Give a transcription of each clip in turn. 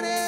querer.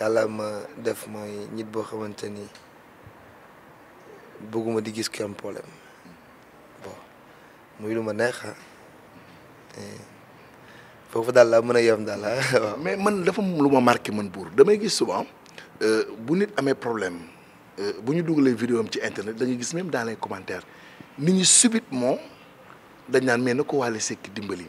yàlla ma def mooy nit boo xamante ni bëgguma di gis ku am problème bon muy lu ma neex ah. eh, foofu daal laa mën a yem daal ah. waaw. mais man dafa lu ma marqué man buur damay gis souvent euh, bu nit amee problème euh, bu ñu dugalee vidéo am ci internet dañuy gis même dans les commentaires nit ñi dañ naan mais na ko Wally Seck dimbali.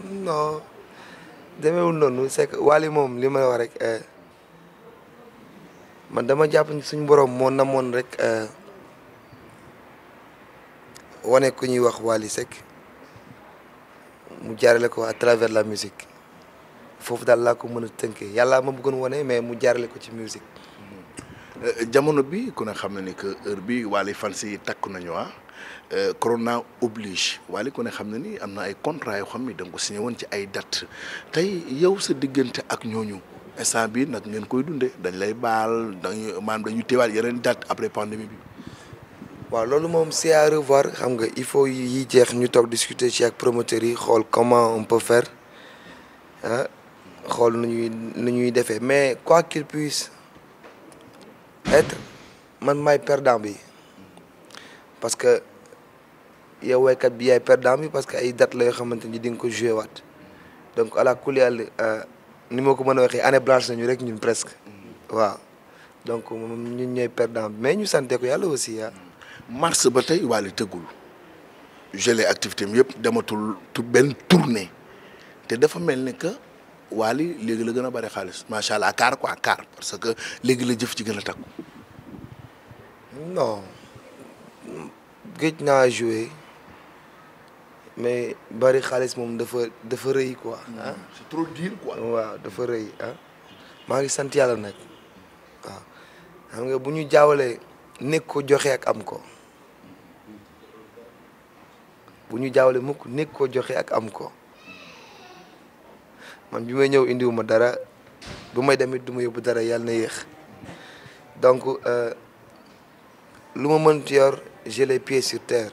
no demeewul noonu c'est que Wally moom li may la wax rek euh, man dama jàpp suñ boroom borom moo namoon rek euh, wane ku ñuy wax Wally Seck mu jaarale ko à la musique foofu daal laa ko mën a tënkee yàlla ma bëggoon wane mais mu jaarale ko ci musique. Euh, jamono bi ku ne xam na ni que heure bi Wally fans yi takku nañu ah. Euh, corona oblige waaye ku ne ay contrat date yow sa date après pandémie c'est à revoir il faut discuter ci ak promoteur, comment on peut faire hein, mais quoi qu'il puisse être man perdant parce que yow waykat bi yaay perdant bi parce que ay date la yo xamanteni ni di nga ko jouer wat donc ala kulli àll ni ma ko mën a waxee année blanche nañu rek ñun presque waaw donc ñun ñooy perdant mais ñu santé ko yalla aussi ya ah. hmm. mars ba tey Wally tëggul gelé activité am yëpp dematul tu benn tournée té dafa melni que wali légui la gëna a bari xaalis macha allah kaar quoi car parce que légui la jëf ci gëna a takku. non. gëj naa joué mais bari xaalis moom dafa dafa rëy quoi. Hmm. ah c'est dafa rëy ah maa ngi sant yàlla nag waaw xam nga bu ñu jaawalee nekk ko joxe ak am ko bu ñu jaawalee mukk nekk ko joxe ak am ko man bi may ñëw indiwuma dara bu may demit duma ma yóbbu dara yàlla na yéex donc euh, lu ma mënti yor j'ai les sur terre.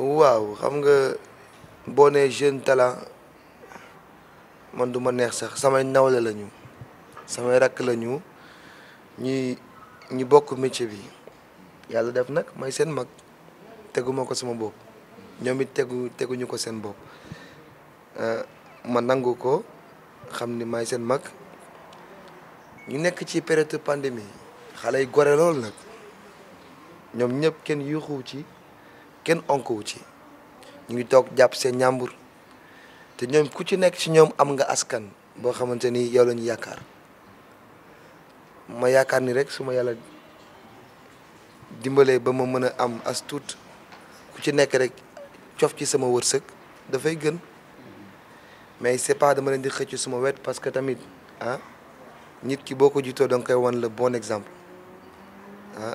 waaw xam nga boo nee jeune talent man duma neex sax samay nawle lañu samay rakk lañu ñi ñi bokk métier bi yàlla def nag may seen mag teguma ko sama bopp ñoom it tegu teguñu ko seen bopp eh, ma nangu ko xam ni may seen mag ñu nekk ci période pandémie xale yi gore lool nag ñoom ñëpp kenn yuuxu ci kenn onkowu ci ñu ngi toog jàpp seen ñàmbur te ñoom ku ci nekk ci ñoom am nga askan boo xamante ni yow la ñu yaakaar ma yaakaar ni rek su ma yàlla dimbalee ba ma mën a am as tuut ku ci nekk rek cof ci sama wërsëg dafay gën mais c'est pas dama leen di xëcc suma wet parce que tamit ah nit ki boo ko jiitoo da nga koy wan la bon exemple ah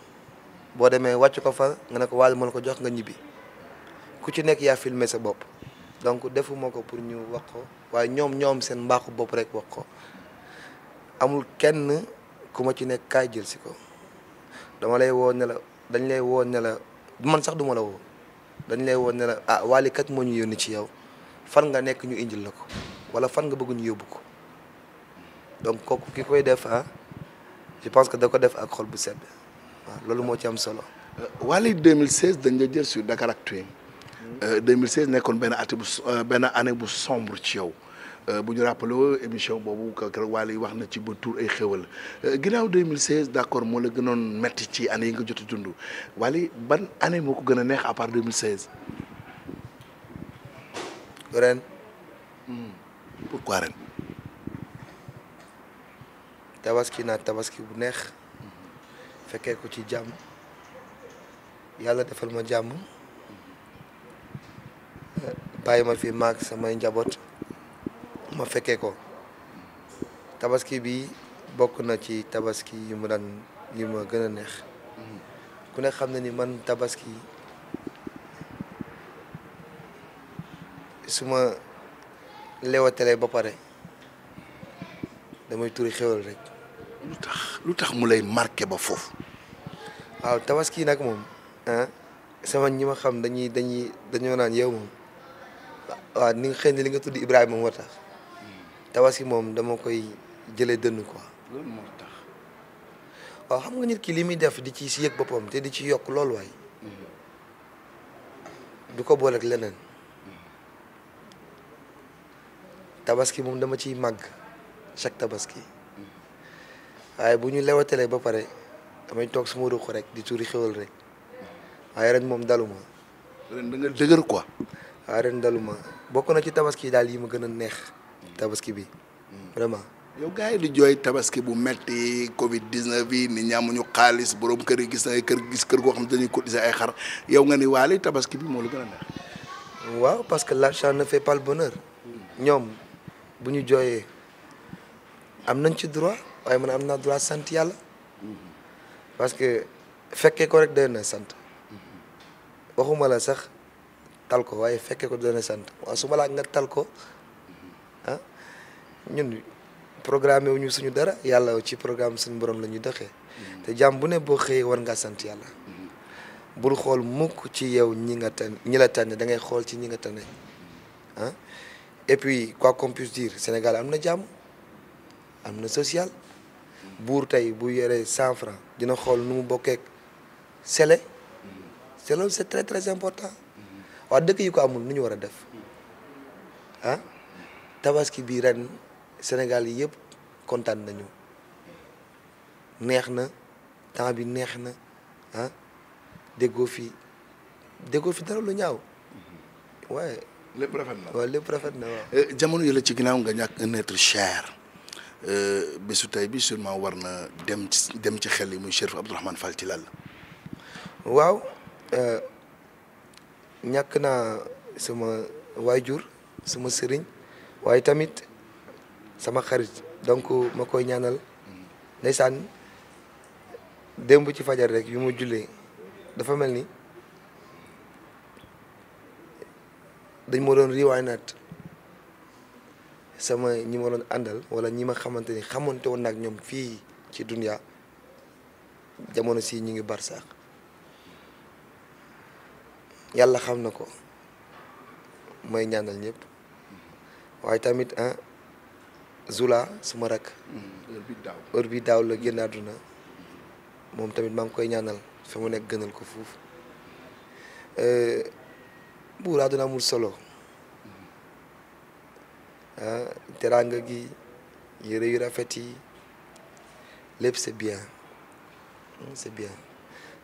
boo demee wàcc ko fa nga ne ko wàll mën ko jox nga ñibbi ku ci nekk yaa filmé sa bopp donc defuma ko pour ñu wax ko waaye ñoom ñoom seen mbaaxu bopp rek wax ko amul kenn ku ma ci nekk kaay jël si ko dama lay woo ne la dañ lay woon ne la man sax duma la woo dañ lay woon ne la ah Wally moo ñu yónni ci yow fan nga nekk ñu indil la ko wala fan nga bëgg ñu yóbbu ko donc kooku ki koy def ah je pense que da ko def ak xol bu sedd waaw loolu moo ci am solo. Euh, Wally 2016 dañ la jël sur Dakaractu 2016 euh, nekkoon benn at bu euh, benn année bu sombre ci yow bu ñu rappelé émission boobu keroog Wally wax na ci ba tur ay xéwal ginnaaw 2016 d' accord moo la gënoon metti ci année yi nga jot a dund Wally ban année moo ko gën a neex à part 2016. ren. Hmm. pour ren. tabaski naa tabaski bu neex. fekkee ko ci jàmm yàlla defal ma jàmm bàyyi ma fi maag samay njaboot ma fekkee ko tabaski bi bokk na ci tabaski yi mu daan yi ma gën a neex ku ne xam na ni man tabaski suma ma ba pare damay turi xewal rek lu tax lu tax mu lay marqué ba foofu waaw tabaski nag moom ah, sama ñi xam dañuy dañuy dañoo naan yow moom ni xëy na li nga tudd Ibrahima moo tax tabaski moom dama koy jële dënn quoi. loolu xam nga nit kii li muy def di ci si yëg boppam te di ci yokk loolu waay. Mm-hmm. du ko boole ak leneen. Mm-hmm. tabaski moom dama ciy màgg chaque tabaski. Mm-hmm. waaye bu ñu lewatalee ba pare. damay toog sama ruq rek di tuuri xéwal rek waaye rek moom daluma. ren da nga dëgër quoi. waaw ren daluma bokk na ci tabaski daal yi ma gën a neex. tabaski bi vraiment. yow gars yi di jooy tabaski bu metti Covid 19 bi nit ñi amuñu xaalis borom kër yi gis na kër gis kër goo xam dañuy cotiser ay xar yow nga ni waale tabaski bi moo la gën a neex. waaw parce que l'argent ne fait pas le bonheur. ñoom bu ñu jooyee am nañ ci droit waaye man am naa droit parce que fekkee ko rek doy na sant waxuma la sax tal ko waaye fekkee ko doy na sant waaw su ma laaj nga tal ko ah ñun programme wu ñu suñu dara yàlla ci programme suñu borom la ñuy doxee te jàmm bu ne boo xëyee war nga sant yàlla bul xool mukk ci yow ñi nga tànn ñi la tànn da ngay xool ci ñi nga tan ah et puis quoi qu'on puisse dire Sénégal am na jàmm am na social bour tay bu yéré 100 francs dina xol nu mu bokkeeg sélé c'est c'est très très important wa dëkk yi ko amul nu ñu war def ah tabaski bi ren Sénégal yépp contane nañu neexna na temps bi neexna na ah fi déggoo fi dara lu ñaaw mm-hmm. ouais lepp rafet na waaw lepp eh, rafet na waaw jamono yi la ci ginaaw nga ñak un être cher Euh, besu tay bi sûrement warna dem dem ci xel yi muy Chérif Abdourahmane Fall ci lal euh ñak na sama wajur sama serigne waye tamit sama xarit donc makoy ñaanal ndaysan dem bu ci fajar rek yu mu julé dafa melni dañ mo doon sama ñi ma doon àndal wala ñi ma xamante ni xamante woon nag ñoom fii ci dunia jamono si ñu ngi barsaax yàlla xam na ko mooy ñaanal ñëpp waaye tamit ah Zula suma rak mm-hmm. heure bi daaw la génn àdduna moom tamit maa ngi koy ñaanal fi nekk gënal ko foofu eh, buur àdduna amul solo Hein? teraanga gi yëre yu rafet yi c'est bien hmm, c'est bien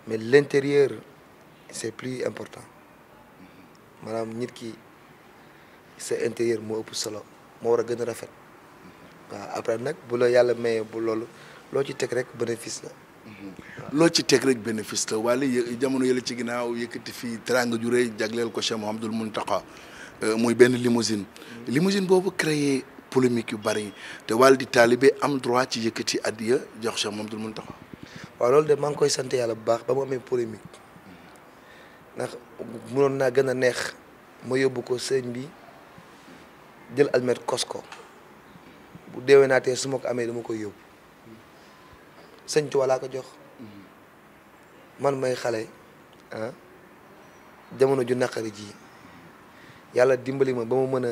mais l'intérieur c'est plus important maanaam nit ki c'est intérieur mo ëpp solo mo wara gëna rafet waaw après nak bu la yalla maye bu loolu lo ci tek rek bénéfice la. Hmm. lo ci tek rek bénéfice la wala jamono yele ci ginaaw yëkëti fi teranga ju rëy jagleel ko Cheikh Mouhamadoul muntaka Euh, muy benn limousine limousine boobu créé polémique yu bari te wàll di taalibe am droit ci yëkkati addiya jox Cheikh Mamadou Mountakha waaw loolu de maa ngi koy sant yàlla bu baax ba mu amee polémique ndax mënoon naa gën a neex ma yóbbu ko sëñ bi jël almet kos ko bu deewee naatee su ma ko amee dama koy yóbbu sëñ Tuubaa laa ko jox man may xale ah, jamono ju naqari ji yàlla dimbali ma ba ma mën a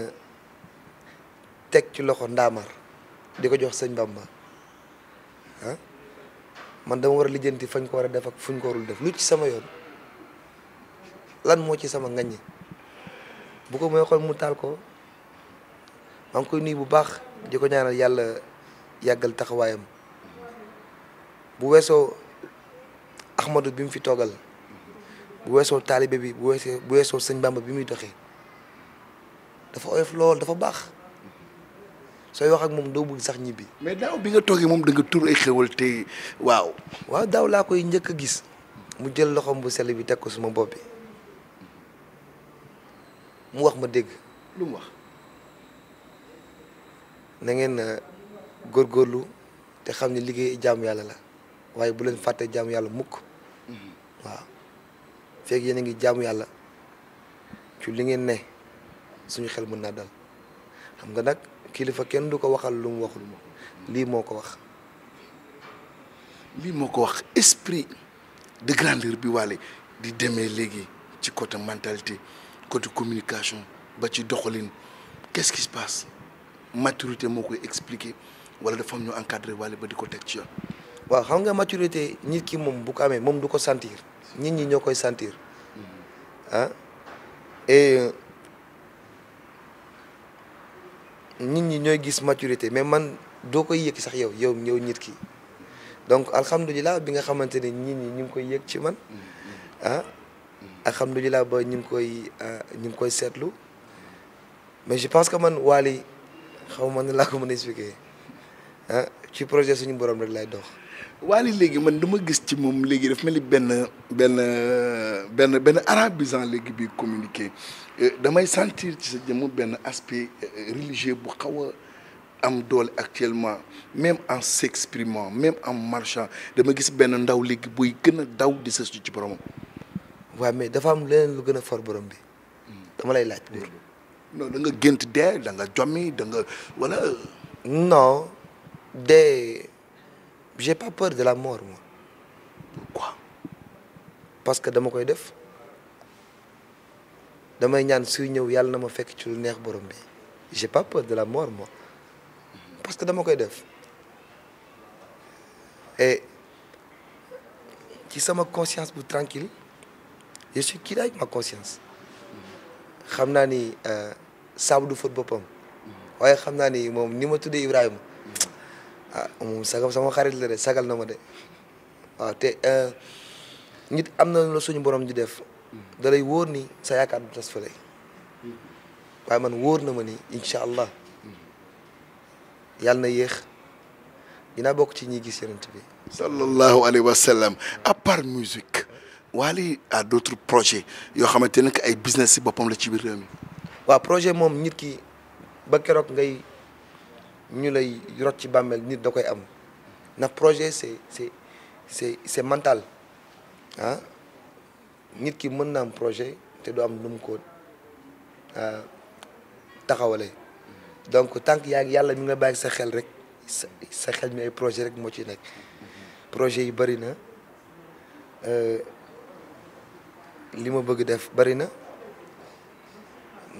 teg ci loxo ndaamar di ko jox sëñ Bamba ah man dama war a lijjanti fañ ko war a def ak fuñ ko warul def lu ci sama yoon lan moo ci sama ngaññi bu ko mooy xool mu taal ko maa ngi koy nuyu bu baax di ko ñaanal yàlla yàggal taxawaayam bu weesoo Ahmadou bi mu fi toogal bu weesoo taalibe bi bu weesoo bu weesoo sëñ Bamba bi muy doxee dafa oyof lool dafa bax sooy wax ak mom do bëgg sax ñibi mais daw bi nga toogee mom da nga tour ay xewal te waaw. waaw daw la koy ñëk gis mu jël loxom bu sel bi tek ko suma bopp bi mu wax ma dégg lu mu wax na ngeen euh, góorgóorlu te xam ne liggéey jaamu yàlla la waye bu leen faté jaamu yalla mukk mhm. waaw fek yéen ngi jaamu yalla ci li ngeen ne. suñu xel mën naa dal xam nga nag kilifa kenn du ko waxal lu mu waxul moom lii moo ko wax. lii moo ko wax esprit de grandeur bi Wally di demee léegi ci côté mentalité côté communication ba ci doxalin qu'est-ce qui se passe maturité moo koy expliquer wala dafa am ñu encadré Wally ba di ko teg ci yoon. waaw xam nga maturité nit ki moom bu ko amee moom du ko sentir nit ñi ñoo koy sentir mm-hmm. ah et. nit ñi ñoy gis maturité mais man do koy yëg sax yow yow ñew nit ki donc alhamdoulillah bi nga xamanteni nit ñi ñu koy yëg ci man mm-hmm. ah mm-hmm. alhamdoulillah ba ñu koy ah, ñu koy setlu mais je pense que man wali xaw ma ne laa ko mën expliquer ah, ci projet suñu borom rek lay dox. Wally léegi man dama gis ci moom léegi daf mel ni benn benn benn benn arabisant léegi bi communiqué euh, damay sentir ci sa jëmm benn aspect euh, religieux bu xaw a am doole actuellement même en s'exprimant même en marchant dama gis benn ndaw léegi buy gën a daw di sëstu ci boromam. waaw mais dafa am leneen lu gën a for borom bi dama lay laaj. non da nga gént dee da nga jommi da nga wala. non dee j'ai pas peur de la mort moi pourquoi parce que dama koy def damay ñaan suy ñëw yàlla na ma fekk ci lu neex borom bi j'ai pas peur de la mort moi parce que dama koy def et ci ma conscience bu tranquille je suis qui avec ma conscience xam naa ni euh, saabu du football, je mm-hmm. waaye que c'est ni moom ah moom um, sama xarit la sagal na ma de ah, te eh, nit am na la suñu borom di def dalay lay ni sa yaakaar du tas fële waaye man wóor na ma ni incha allah yàlla na yéex dinaa bokk ci ñi gis yonent bi sallallahu alayhi wa sallam à part musique Wally à d'autres projets yoo xamante ne que ay business si boppam la ci biir réew mi projet moom nit ki ba keroog ngay ñu lay rot ci bàmmeel nit da koy am ndax projet c'est c'est c'est c'est ah nit ki mën na am projet te du am nu mu ko ah, taxawalee donc tant que yaa yàlla ñu nga bàyyi sa xel rek sa sa xel mi ay projet rek moo ci nekk projet yi bëri na euh, li ma bëgg def bëri na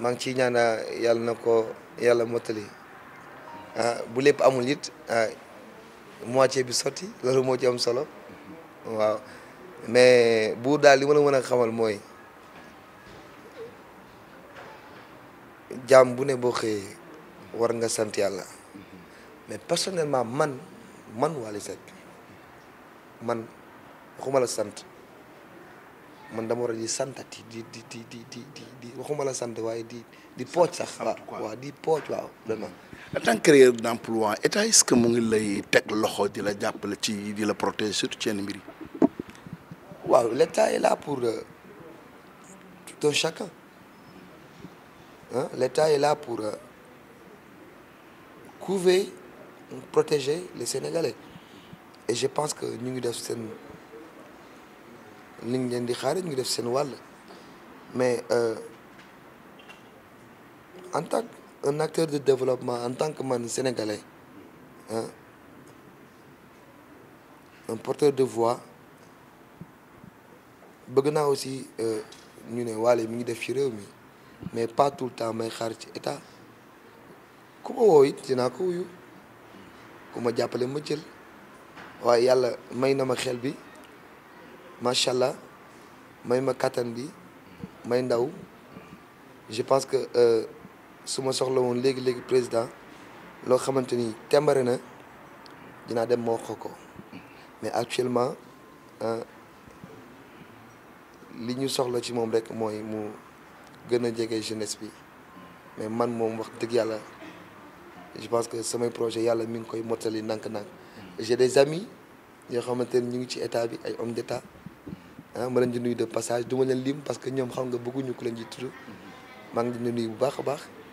maa ngi ciy ñaan yàlla na ko yàlla mottali Euh, bu lépp amul it euh, moitié bi sotti loolu moo ci am solo waaw mais buur daal li ma la mën a xamal mooy jaam bu ne boo xëyee war nga sant yàlla mais personnellement man man Wally Seck man waxuma la sant man dama war a di santati di di di di di di waxuma sant waaye di di pooj sax waaw waaw di pooj waaw vraiment en tant que créateur d'emploi est-ce que protéger l'état est là pour euh, tout un chacun hein, l'état est là pour euh, couvrir protéger les Sénégalais et je pense que nous devons mais euh, en tant que un acteur de développement en tant que man sénégalais hein, un porteur de voix aussi nous euh, ne mais pas tout le temps mais c'est ci état un homme woo ko ma jàppale ma jël bi bi je pense que. Euh, suma soxla woon léegi léegi président loo xamante ni tembare na dinaa dem ma xoko mais actuellement hein, li ñu soxla ci moom rek mooy mu gën a jege jeunesse bi mais man moom wax dëgg yàlla je pense que samay projet yàlla mi ngi koy mottali nank ndànk j'ai des amis yoo xamante ni ñu ngi ci état bi ay homme d'état ah ma leen di nuyu de passage du ma leen lim parce que ñoom xam nga bëgguñu ku leen ji tudd maa ngi leen di nuyu bu baax a baax.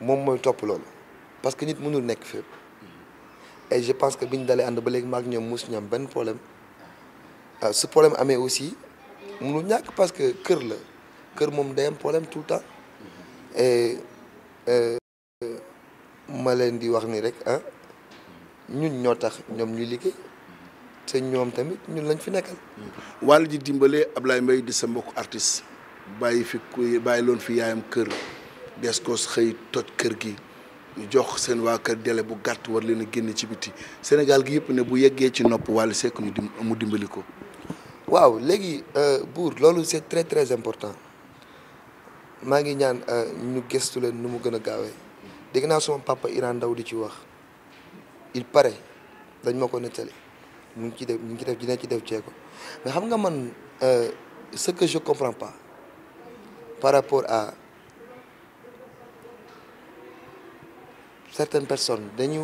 Je mooy topp parce que nit mënul nek fi et je pense que biñ dalé and ba mak ñom mus problème Ce euh, problème je aussi mënul ñak parce que kër la problème tout le temps et euh, ma len di wax ni rek ah ñun ñom ñu sommes ñom tamit ñun lañ fi nekkal. walu ji di sa artiste fi des ko xëy toj kër gi ñu jox seen waa kër délai bu gàtt war leen a génne ci biti Sénégal gi yëpp ne bu yeggee ci nopp Wally Seck mu dimbali ko. waaw léegi euh, buur loolu c'est très très important maa ngi ñaan euh, ñu gëstu leen nu mu gën a gaawee dégg naa sama papa Iran Ndaw di ci wax il pare dañ ma ko nettali mu ngi ci def mu ngi ci def dina ci def ceeko mais xam nga man euh, ce que je comprends pas par rapport certaines personnes dañu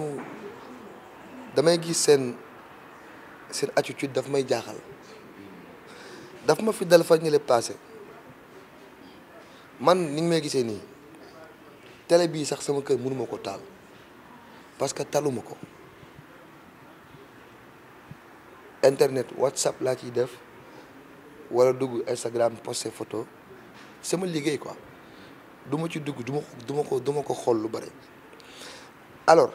damay gis sen sen, attitude daf may jaxal daf ma fi dal fa ñu passé man ni ngi may gisé ni télé bi sax sama kër mënu mako tal parce que internet whatsapp la ci def wala dugg instagram poster photo sama liggéey quoi duma ci dugg duma duma ko duma ko xol lu bari alors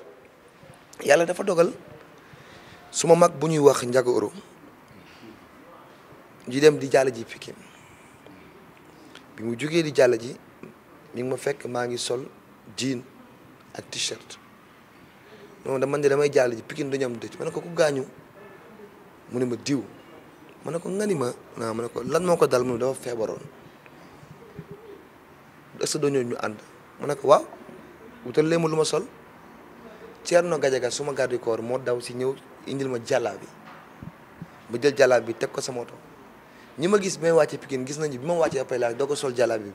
yàlla dafa dogal suma mag bunyi wakhin wax njago jidem ji dem di jala ji pikin bi mu jógee di jala ji mi ngi ma fekk ngi sol jean ak t-shirt moom da man de damay jàll ji pikin dañu am dëj ma ne ko ku gaañu mu ne ma diw ngani ma naa mana ne lan moo ko dal mu ne dafa feebaroon est-ce que doo ñëw ñu ànd ma waaw wutal lu ma sol Thierno Gadiaga suma garde corps moo daw si ñëw indil ma jàllaa bi ma jël jàllaa bi teg ko sama oto ñi ma gis bi may wàccee Pikine gis nañu bi ma wàccee après laa doo ko sol jàllaa bi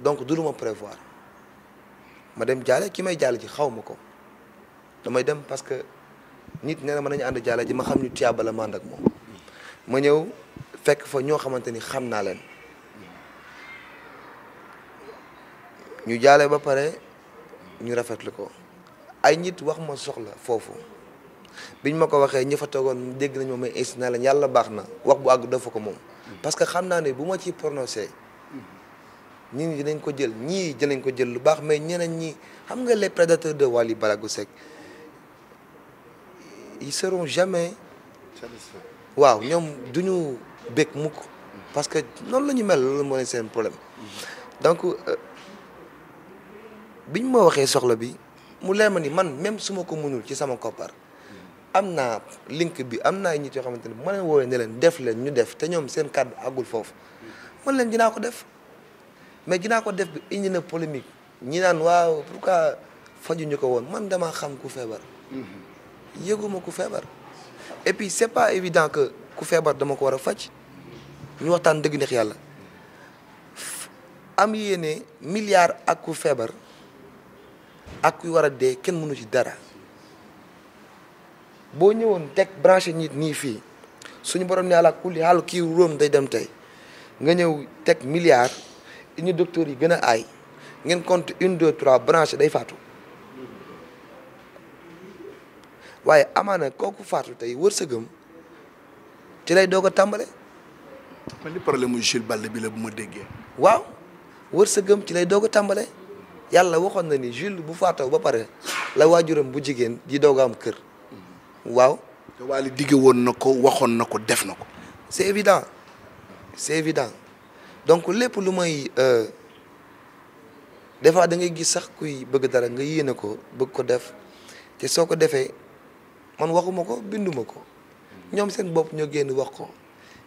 donc du lu prévoir ma dem jaale ki may jàll ji xaw ma ko damay dem parce que nit nee na mën nañu ànd jaale ji ma xam ñu tiyaaba la ma ànd ak moom ma ñëw fekk fa ñoo xamante ni xam naa leen ñu jaale ba pare ñu rafetlu ko. ay nit wax ma soxla fofu biñ mako waxé waxee ñi fa toogoon dégg nañ ma may instant lañ yàlla baax wax bu àgg dafa ko moom. parce que xamna né buma ci prononcer ciy ñi dañ ko jël ñi jël nañ ko jël lu bax mais ñeneen ñi xam nga les prédateurs de Wali Balago Seck ils seront jamais. waaw ñom duñu bék bég parce que non lañu ñu mel loolu moo leen seen problème mm-hmm. donc euh, biñ ma waxé soxla bi. mu leer ma ni man même suma ko mënul ci sama koppar am naa link bi am naa ñit yoo xamante ne ma leen woowee ne leen def leen ñu def te ñoom seen kàddu agul foofu man leen dinaa ko def mais dinaa ko def bi indi na polémique ñi naan waaw pourquoi faju ñu ko woon man dama xam ku feebar yëguma ku feebar et puis c'est pas évident que ku feebar dama ko war a faj ñu waxtaan dëgg neex yàlla am yéene milliard ak ku feebar ak kuy war a dee kenn mënu ci dara boo ñëwoon teg branche nit nii fii suñu borom ne àla kulli xaal kii róom day dem tey nga ñëw teg milliard ñu docteur yi gën a ay ngeen compte une deux trois branché day faatu waaye amaana kooku faatu tey wërsëgam ci lay doog tàmbale man ni problème ma déggee waaw wërsëgam ci lay doog a tàmbale yàlla waxoon na ni Jules bu faataw ba pare la waajuram bu jigéen di doog am kër waaw. te woon na ko waxoon na ko def na ko. c'est évident c'est évident donc lépp lu may euh, des fois da ngay gis sax kuy bëgg dara nga yéene ko bëgg ko def te soo ko defee man waxuma ko binduma ko ñoom seen bopp ñoo génn wax ko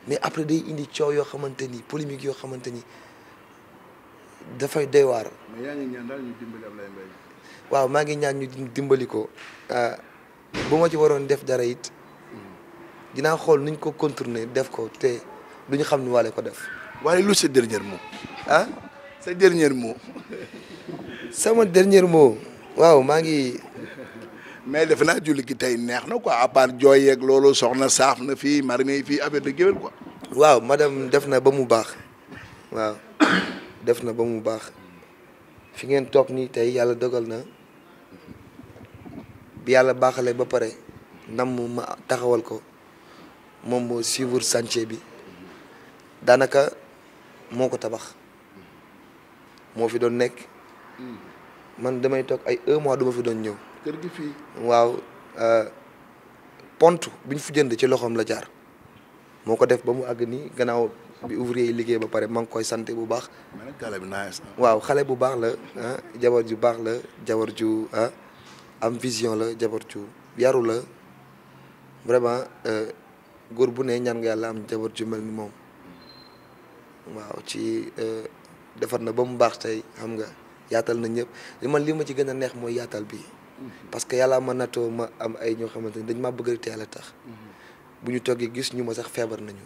mais après day indi coow yoo xamante ni polémique yoo xamante ni. dafay doy waar. mais yaa ngi ñaan waaw maa ngi ñaan ñu dimbali ko ah, bu ma ci waroon def dara it dinaa xool nuñ ko contourner def ko te ñu xam ni wale ko def. waaye lu sa dernier mot ah sa dernier mot. sama dernier mot waaw maa ngi. mais def naa julli gi tey neex na ko à part jooy yeeg loolu soxna saaf na fii marmé fii affaire de géwél quoi. waaw madame def na ba mu baax waaw. def na ba mu baax fi ngeen toog nii tey yàlla dogal na bi yàlla baaxalee ba pare ndam ma taxawal ko moom moo suivre chantier bi daanaka moo ko tabax moo fi doon nekk man damay toog ay un mois duma fi doon ñëw. kër gi fii waaw euh, pont bi ñu fi jënd ci loxoom la jaar moo ko def ba mu àgg nii gannaaw. bi ouvrier yi liggéey ba pare maa ngi koy sant bu baax. waaw xale bu baax la ah jabar ju baax la jabar ju ah am vision la jabar ju yaru la vraiment euh, góor bu ne ñaan nga yàlla am jabar ju mel ni moom waaw ci euh, defar na ba mu baax tey xam nga yaatal nañ ñëpp li man li ma ci gën a neex mooy yaatal bi mhm. parce que yàlla ma natoo ma am ay ñoo xamante ni dañ ma bëgg te yàlla tax mhm. bu ñu toggee gis ñu ma sax feebar nañu.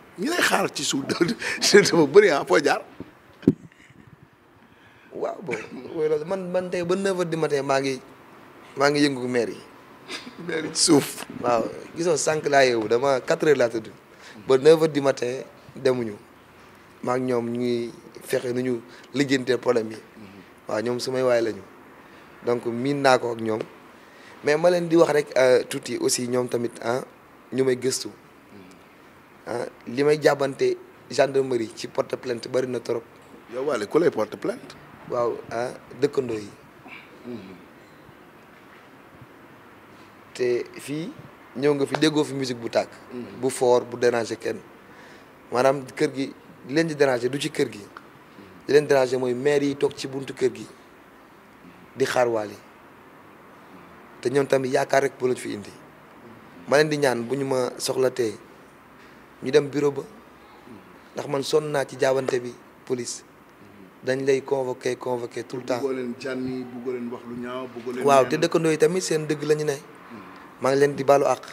ñi lay xaar ci suuf dafa bëri ah foo jaar. waaw boobu man man tey ba 9 di du matin maa ngi maa ngi yëngu maire yi. maire yi ci suuf. waaw gisoo sànq laa yeewu dama 4 heures laa tëdd. ba 9 heures matin demuñu maa ngi ñoom ñu ngi fexe nu ñu lijjantee problème yi. waaw ñoom sumay waay lañu. donc miin naa ko ak ñoom mais ma leen di wax rek euh, tuuti aussi ñoom tamit ah ñu may gëstu. Ah, li may jàbbante gendarmerie ci porte plainte bari na trop. yow Waly ku lay porte plainte. waaw ah, dëkkandoo yi. Mhm. te fii ñëw nga fi déggoo fi musique bu tàkk. Mhm. bu foor bu déranger kenn maanaam kër gi leen di déranger du ci kër gi. Mhm. li leen déranger mooy maire yi toog ci buntu kër gi di xaar Waly te ñoom tamit yaakaar rek bu fi indi ma leen di ñaan bu ñu ma soxla soxlatee. ñu dem bureau ba ndax man sonn naa ci jawante bi police dañ lay convoquer convoquer tout temps bëggoo leen janni bëggoo leen wax lu ñaaw bëggoo leen waaw te dekk yi tamit seen deug lañu ne ma ngi len di balu ak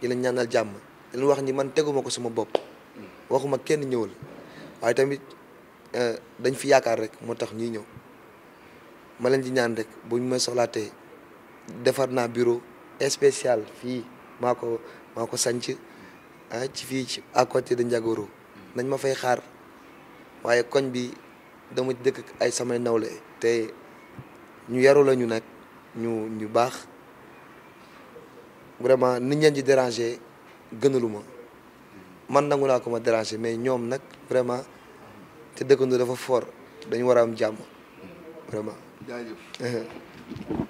di leen ñaanal jamm di leen wax ni man teggumako ko sama bopp waxuma kenn ñewul waye tamit euh dañ fi yaakar rek motax ñi ñew ma leen di ñaan rek buñu ma soxlaatee defar naa bureau spécial fi mako mako sanci ah ci fii ci à côté de njagoro nañ ma fay xaar waaye koñ bi dama dëkk ay samay nawle te ñu yaru la ñu nag ñu ñu baax vraiment ni ñeen di déranger gënalu ma man nangu naa ko ma mais ñoom nag vraiment te dëkkandoo dafa fort dañu war a am jàmm vraiment.